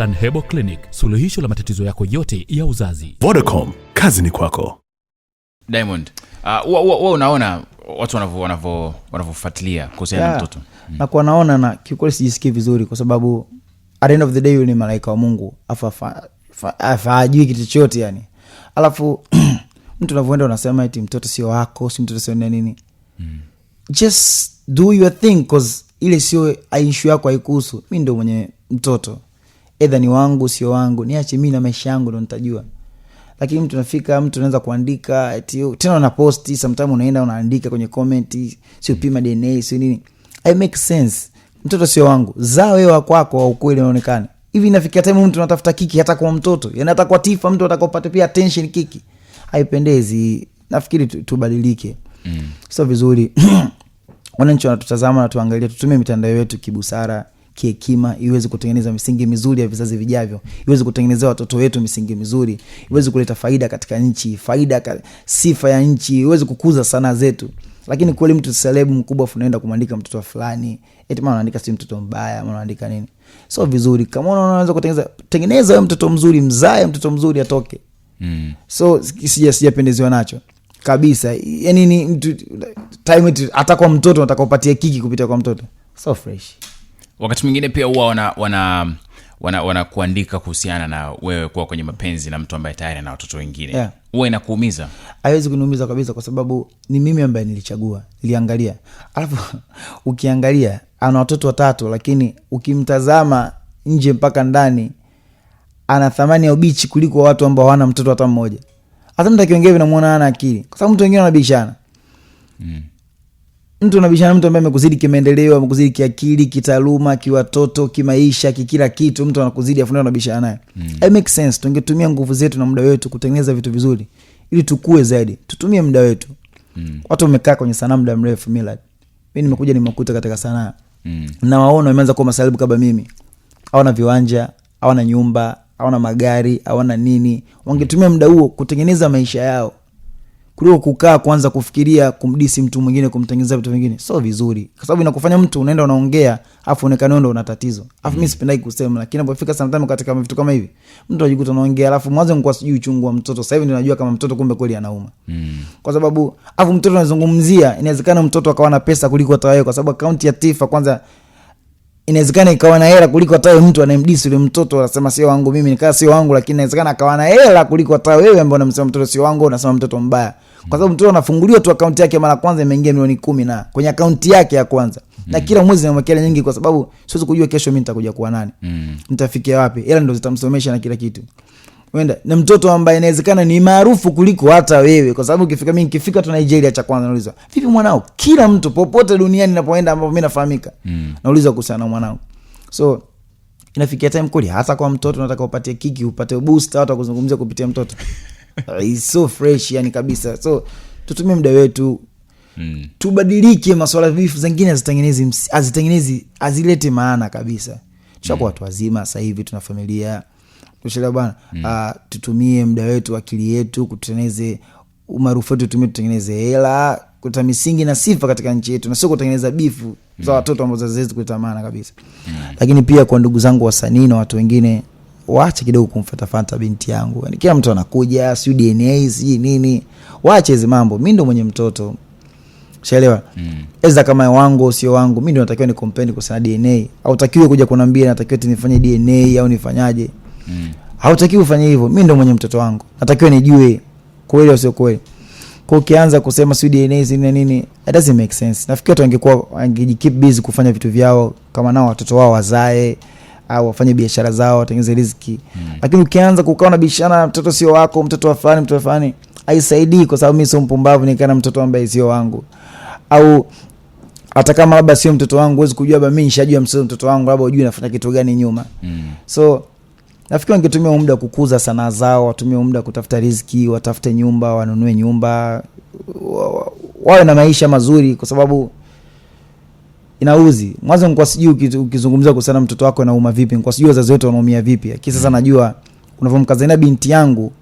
Plan Herbal Clinic, suluhisho la matatizo yako yote ya uzazi. Vodacom, kazi ni kwako. Diamond, uh, unaona watu wanavyofuatilia kuhusiana na mtoto hmm. na kwa naona na kiukweli sijisikii vizuri kwa sababu at the end of the day yule ni malaika wa Mungu afa ajui kitu chochote yani, alafu mtu unavyoenda unasema eti mtoto sio wako, si mtoto sio nini hmm. just do your thing cause ile sio aishu ah, yako, haikuhusu. Mi ndo mwenye mtoto Edha ni wangu sio wangu, niache mimi na maisha yangu ndo ntajua Lakini mtu nafika, mtu naweza kuandika eti tena una post, sometimes unaenda unaandika kwenye komenti sio pima DNA sio nini. I make sense. Mtoto sio wangu, zaa wewe wa kwako wa unaonekana. Hivi nafikia time mtu natafuta kiki hata kwa mtoto, yani hata kwa Tifa mtu atakopata pia attention kiki. Haipendezi. Nafikiri tubadilike. Mm. Sio vizuri. Wananchi wanatutazama natuangalia tutumie mitandao yetu kibusara kihekima, iweze kutengeneza misingi mizuri ya vizazi vijavyo, iweze kutengenezea watoto wetu misingi mizuri, iweze kuleta faida katika nchi, faida ka, sifa ya nchi, iweze kukuza sanaa zetu. Lakini kweli mtu selebu mkubwa funaenda kumwandika mtoto fulani eti maana unaandika si mtoto mbaya, maana unaandika nini? so vizuri. Kama unaweza kutengeneza, tengeneza we mtoto mzuri, mzae mtoto mzuri atoke. Mm. So sija sijapendezewa nacho kabisa. Yani ni mtu time atakuwa mtoto, nataka kiki kupitia kwa mtoto, so fresh wakati mwingine pia huwa wana wana wana wanakuandika kuhusiana na wewe kuwa kwenye mapenzi na mtu ambaye tayari ana watoto wengine yeah huwa inakuumiza haiwezi kuniumiza kabisa kwa sababu ni mimi ambaye nilichagua niliangalia alafu ukiangalia ana watoto watatu lakini ukimtazama nje mpaka ndani ana thamani ya ubichi kuliko watu ambao hawana mtoto hata mmoja hata mtu akiongea vinamwona ana akili kwa sababu mtu wengine wanabishana mm mtu unabishana mtu ambaye amekuzidi kimaendeleo, amekuzidi kiakili, kitaaluma, kiwatoto, kimaisha, kikila kitu. Mtu anakuzidi afu unabishana naye mm. It makes sense, tungetumia nguvu zetu na muda wetu kutengeneza vitu vizuri ili tukue zaidi. Tutumie muda wetu mm. Watu wamekaa kwenye sanaa muda mrefu, mila mimi nimekuja nimekuta katika sanaa mm. na waona wameanza kuwa masalibu kama mimi, hawana viwanja, hawana nyumba, hawana magari, hawana nini. Wangetumia muda huo kutengeneza maisha yao kuliko kukaa kwanza kufikiria kumdisi mtu mwingine, kumtengenezea vitu vingine, sio vizuri, kwa sababu inakufanya mtu unaenda unaongea, afu onekana ndo una tatizo. Afu mimi mm. sipendai kusema, lakini inapofika sometimes katika vitu kama hivi, mtu ajikuta unaongea alafu mwanzo nilikuwa sijui uchungu wa mtoto, sasa hivi ndio najua kama mtoto kumbe kweli anauma, mm. kwa sababu afu mtoto anazungumzia, inawezekana mtoto akawa na pesa kuliko hata wewe, kwa sababu akaunti ya Tifa kwanza inawezekana ikawa na hela kuliko hata mtu anayemdisi yule mtoto, anasema sio wangu mimi, nikaa sio wangu, lakini inawezekana akawa na hela kuliko hata wewe ambaye unamsema mtoto sio wangu, unasema mtoto mbaya kwa sababu mtoto anafunguliwa tu akaunti yake mara kwanza imeingia milioni kumi na kwenye akaunti yake ya kwanza mm. na kila mwezi namwekea hela nyingi, kwa sababu siwezi kujua kesho mimi nitakuja kuwa nani mm. nitafikia wapi, hela ndo zitamsomesha na kila kitu wenda na mtoto ambaye inawezekana ni maarufu kuliko hata wewe, kwa sababu ukifika mimi nikifika tu Nigeria, cha kwanza nauliza vipi mwanao, kila mtu popote duniani napoenda ambapo mimi nafahamika mm. nauliza kuhusiana na mwanao, so inafikia time kuli hata kwa mtoto nataka upatie kiki, upate boost, hata kuzungumzia kupitia mtoto Uh, so fresh yani kabisa, so tutumie muda wetu mm. tubadilike. Maswala vifu zengine azitengenezi hazitengenezi hazilete maana kabisa. Tushakuwa hmm. watu mm. wazima sahivi tuna familia tushelewa bwana mm. Uh, ah, tutumie muda wetu, akili yetu, kutengeneze umaarufu wetu, tutumie tutengeneze hela kuta misingi na sifa katika nchi yetu na sio kutengeneza bifu za mm. watoto ambazo haziwezi kuleta maana kabisa. Mm. Lakini pia kwa ndugu zangu wasanii na watu wengine waache kidogo kumfatafata binti yangu. Yani kila mtu anakuja, siu DNA sijui nini, waache hizi mambo. Mi ndo mwenye mtoto shaelewa mm. Eza kama wangu sio wangu, mi ndo natakiwa ni kompeni kuhusiana DNA. Hautakiwi kuja kunambia natakiwa tinifanye DNA au nifanyaje mm. Hautakiwi ufanye hivyo. Mi ndo mwenye mtoto wangu, natakiwa nijue kweli au sio kweli. Kwa ukianza kusema sio DNA zina nini, it doesn't make sense. Nafikiri watu wangekuwa wangeji busy kufanya vitu vyao, kama nao watoto wao wazae au wafanye biashara zao, watengeneze riziki mm. Lakini ukianza kukaa na bishana mtoto sio wako, mtoto wa fulani, mtoto wa fulani, haisaidii, kwa sababu mimi sio mpumbavu nikaa na mtoto ambaye sio wangu au hata kama labda sio mtoto wangu, huwezi kujua labda mimi nishajua mtoto mtoto wangu labda hujui nafanya kitu gani nyuma mm. So nafikiri wangetumia muda kukuza sanaa zao, watumie muda kutafuta riziki, watafute nyumba, wanunue nyumba, wawe na maisha mazuri, kwa sababu inauzi. Mwanzo nikuwa sijui ukizungumza kuhusiana mtoto wako anauma vipi, nikuwa sijui wazazi wetu wanaumia vipi. Lakini sasa mm. najua unavyomkazania binti yangu,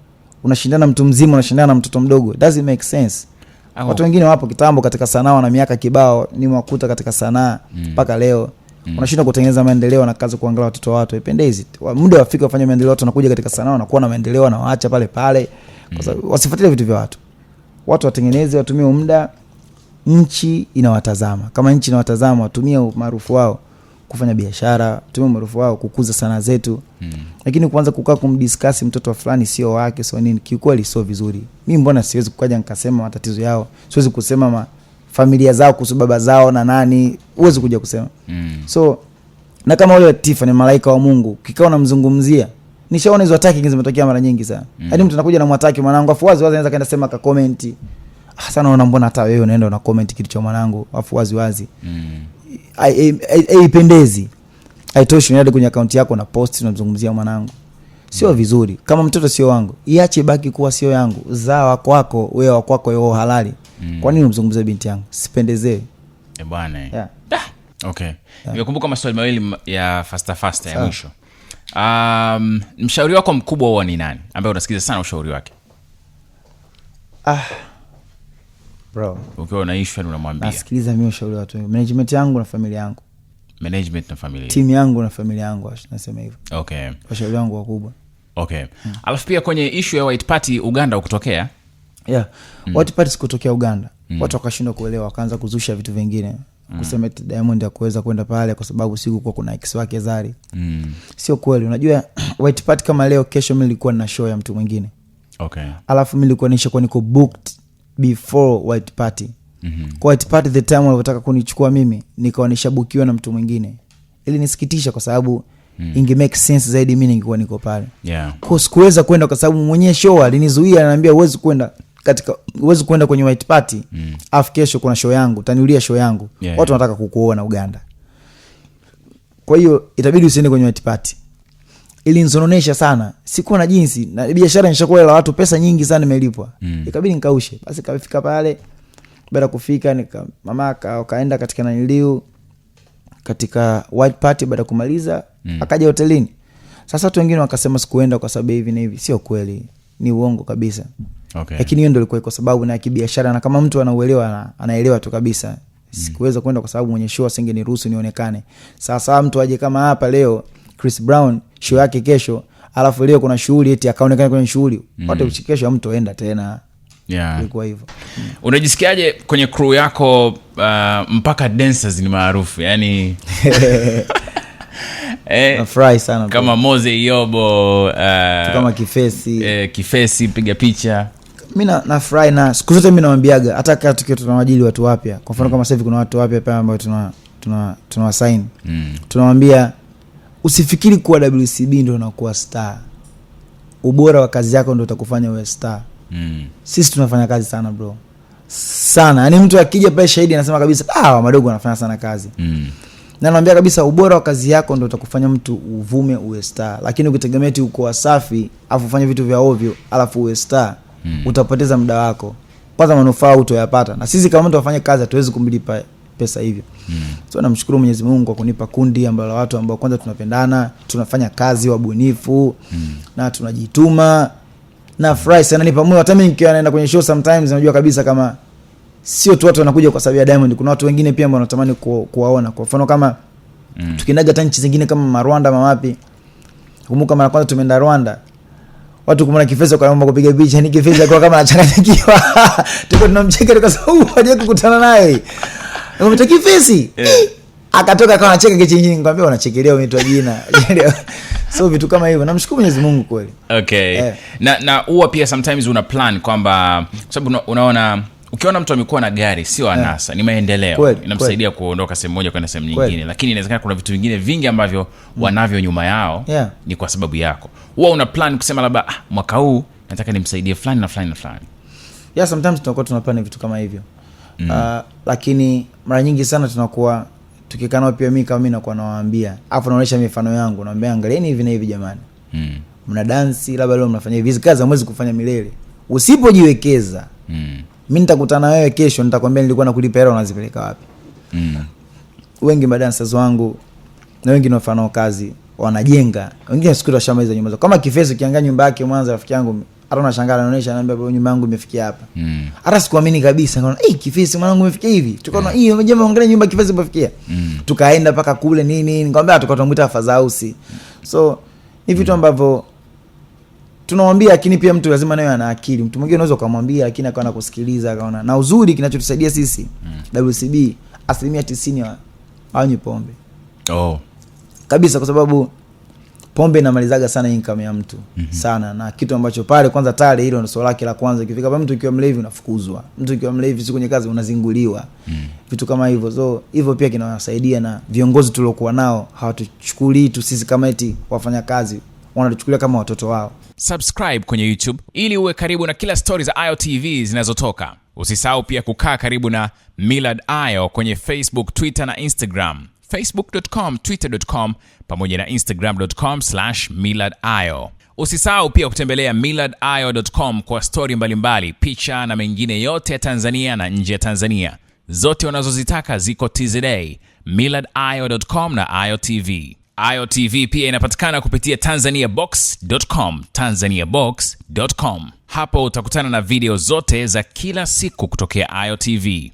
unashindana mtu mzima, unashindana na mtoto mdogo. Does it make sense? Aho. Watu wengine wapo kitambo katika sanaa wana miaka kibao, nimewakuta katika sanaa mm. mpaka mm. leo mm. unashindwa kutengeneza maendeleo na kazi kuangalia watoto watu Ipendezi muda wafika wafanye maendeleo, watu wanakuja katika sanaa wanakuwa na maendeleo, wanawaacha pale pale, kwa mm. sababu wasifuatilie vitu vya watu. Watu watengeneze, watumie muda nchi inawatazama. Kama nchi inawatazama, watumia umaarufu wao kufanya biashara, tumia umaarufu wao kukuza sanaa zetu mm. Lakini kuanza kukaa kumdiskasi mtoto wa fulani sio wake, so nini, kiukweli sio vizuri. Mi mbona siwezi kukaja nikasema matatizo yao, siwezi kusema ma familia zao kuhusu baba zao na nani, huwezi kuja kusema mm. so na kama ule Tifa ni malaika wa Mungu, kikao namzungumzia nishaona hizo ataki zimetokea mara nyingi sana mm. Hadi yaani mtu anakuja na mwataki mwanangu afu wazi wazi anaweza kaenda sema ka comment hasa naona mbona hata wewe unaenda una comment kitu cha mwanangu afu wazi wazi mm. haitoshi unaenda kwenye akaunti yako na post unamzungumzia mwanangu sio mm. vizuri kama mtoto sio wangu iache baki kuwa sio yangu zaa wakwako wewe wakwako halali mm. kwa nini umzungumzie binti yangu sipendezewe eh, bwana yeah. okay yeah. nimekumbuka maswali mawili ya fasta fasta ya mwisho um, mshauri wako mkubwa huo ni nani ambaye unasikiliza sana ushauri wake ah ukiwa unaishwa ushauri watu wengi. Management yangu na familia yangu. Management na familia. yangu na familia yangu nasema hivyo. Okay. Washauri wangu wakubwa. Okay. Hmm. Alafu pia kwenye ya white party Uganda ukutokea? Yeah. Mm. White party sikutokea Uganda. Mm. Watu wakashindwa kuelewa wakaanza kuzusha vitu vingine. Mm. kwenda pale kwa sababu sikukuwa kuna wake Zari. Mm. Sio kweli. Unajua white party kama leo, kesho nilikuwa na show ya mtu mwingine. Okay. Alafu nilikuwa niko booked before White Party. Mm-hmm. Kwa White Party the time walivyotaka kunichukua mimi nikawa nishabukiwa na mtu mwingine. Ilinisikitisha kwa sababu mm. inge make sense zaidi mi ningekuwa niko pale. Yeah. Kwa sikuweza kwenda kwa sababu mwenyewe show alinizuia ananiambia uwezi kwenda katika huwezi kwenda kwenye White Party. Mm. Afu kesho kuna show yangu, taniulia show yangu. Yeah, Watu wanataka yeah. kukuona Uganda. Kwa hiyo itabidi usiende kwenye White Party ilinzononesha sana, sikuwa na jinsi, na biashara nishakuwa la watu, pesa nyingi sana imelipwa mm. ikabidi nkaushe Basi kafika pale, baada kufika nika mama kaenda katika naniliu katika white party, baada kumaliza mm. akaja hotelini. Sasa watu wengine wakasema sikuenda kwa sababu hivi na hivi, sio kweli, ni uongo kabisa okay. Lakini hiyo ndo likuwa kwa sababu na kibiashara, na kama mtu anauelewa anaelewa tu kabisa, mm. sikuweza kwenda kwa sababu mwenye show asingeniruhusu nionekane. Sasa mtu aje kama hapa leo Chris Brown show yake kesho, alafu leo kuna shughuli eti akaonekana kwenye shughuli mm. watu mtu hamtoenda tena yeah. ilikuwa hivyo mm. unajisikiaje kwenye crew yako uh, mpaka dancers ni maarufu yani Eh, nafurahi sana kama bro. moze yobo uh, kama kifesi eh, kifesi piga picha mi nafurahi na, na siku zote mi nawambiaga hata kaa tukiwa tunawajili watu wapya kwa mfano mm. kama sahivi kuna watu wapya pia ambao tuna tuna tuna mm. tunawambia Usifikiri kuwa WCB ndo unakuwa star, ubora wa kazi yako ndo utakufanya uwe star. Mm. Sisi tunafanya kazi sana bro, sana yaani, mtu akija pale shahidi anasema kabisa, ah, madogo anafanya sana kazi. Mm. nanaambia kabisa ubora wa kazi yako ndo utakufanya mtu uvume uwe star, lakini ukitegemea ti uko wasafi afu ufanye vitu vya ovyo alafu uwe star, mm. utapoteza muda wako, kwanza manufaa utoyapata. Na sisi kama mtu afanye kazi hatuwezi kumlipa pesa hivyo mm. so namshukuru Mwenyezi Mungu kwa kunipa kundi ambalo watu ambao kwanza tunapendana, tunafanya kazi wabunifu mm. na tunajituma na furahi sana ni pamoja. Hata mimi nikiwa naenda kwenye show sometimes, najua kabisa kama sio tu watu wanakuja kwa sababu ya Diamond, kuna watu wengine pia ambao wanatamani ku, kuwaona. Kwa mfano kama mm. tukiendaga hata nchi zingine kama Marwanda mawapi, kumbuka mara kwanza tumeenda Rwanda watu kumwona kwa kaomba kupiga picha, ni kifeza kwa kama anachanganyikiwa, tuko tunamcheka tukasema huyu hajakukutana naye Ngombe kifesi. Akatoka akawa anacheka kichinjini, nikamwambia unachekelea umeitwa jina. So vitu kama hivyo. Namshukuru Mwenyezi Mungu kweli. Okay. Yeah. Na na huwa pia sometimes una plan kwamba kwa sababu una, unaona ukiona mtu amekuwa na gari sio anasa, yeah. Ni maendeleo inamsaidia kuondoka sehemu moja kwenda sehemu nyingine, lakini inawezekana kuna vitu vingine vingi ambavyo mm. wanavyo nyuma yao yeah. Ni kwa sababu yako. Huwa una plan kusema labda ah, mwaka huu nataka nimsaidie fulani na fulani na fulani. Yeah, sometimes tunakuwa tunapana vitu kama hivyo mm. Uh, lakini mara nyingi sana tunakuwa tukikaa nao, pia mi kama mi nakuwa nawaambia, afu naonyesha mifano yangu, naambia angalieni hivi na hivi jamani, mm. mna dansi labda leo mnafanya hivi, hizi kazi hamwezi kufanya milele usipojiwekeza. mm. mi nitakutana wewe kesho, nitakwambia nilikuwa nakulipa hela, unazipeleka wapi? mm. Wengi madancers wangu na wengi nafanao kazi wanajenga, wengine siku washamaliza nyumba zao, kama Kifeso kiangaa nyumba yake Mwanza, rafiki yangu hata unashangaa anaonyesha, ananiambia yangu imefikia hapa. Mm. Hata mm. sikuamini kabisa, mwanangu imefikia hivi. Tukaona yeah. nyumba imefikia. Mm. Tukaenda kule nini nikamwambia tukao tumuita Fazausi. So ni vitu mm. ambavyo tunamwambia, lakini pia mtu lazima ana akili. Mtu mwingine unaweza ukamwambia, lakini akawa akaona. Na uzuri kinachotusaidia sisi mm. WCB asilimia 90 hawanywi pombe. Oh. Kabisa kwa sababu pombe inamalizaga sana income ya mtu mm -hmm. sana na kitu ambacho pale kwanza tale hilo ndio lake la kwanza. Ikifika mtu ukiwa mlevi unafukuzwa, mtu ukiwa mlevi siku kwenye kazi unazinguliwa mm -hmm. vitu kama hivyo, so hivyo pia kinawasaidia, na viongozi tuliokuwa nao hawatuchukulii tu sisi kama eti wafanya kazi wanatuchukulia kama watoto wao. Subscribe kwenye YouTube ili uwe karibu na kila stori za Ayo TV zinazotoka. Usisahau pia kukaa karibu na Millard Ayo kwenye Facebook, Twitter na Instagram facebook.com, twitter.com pamoja na instagram.com millardayo. Usisahau pia kutembelea millardayo.com kwa stori mbalimbali, picha na mengine yote ya Tanzania na nje ya Tanzania, zote unazozitaka ziko TZA, millardayo.com na IOTV. IOTV pia inapatikana kupitia tanzaniabox.com, tanzaniabox.com. Hapo utakutana na video zote za kila siku kutokea IOTV.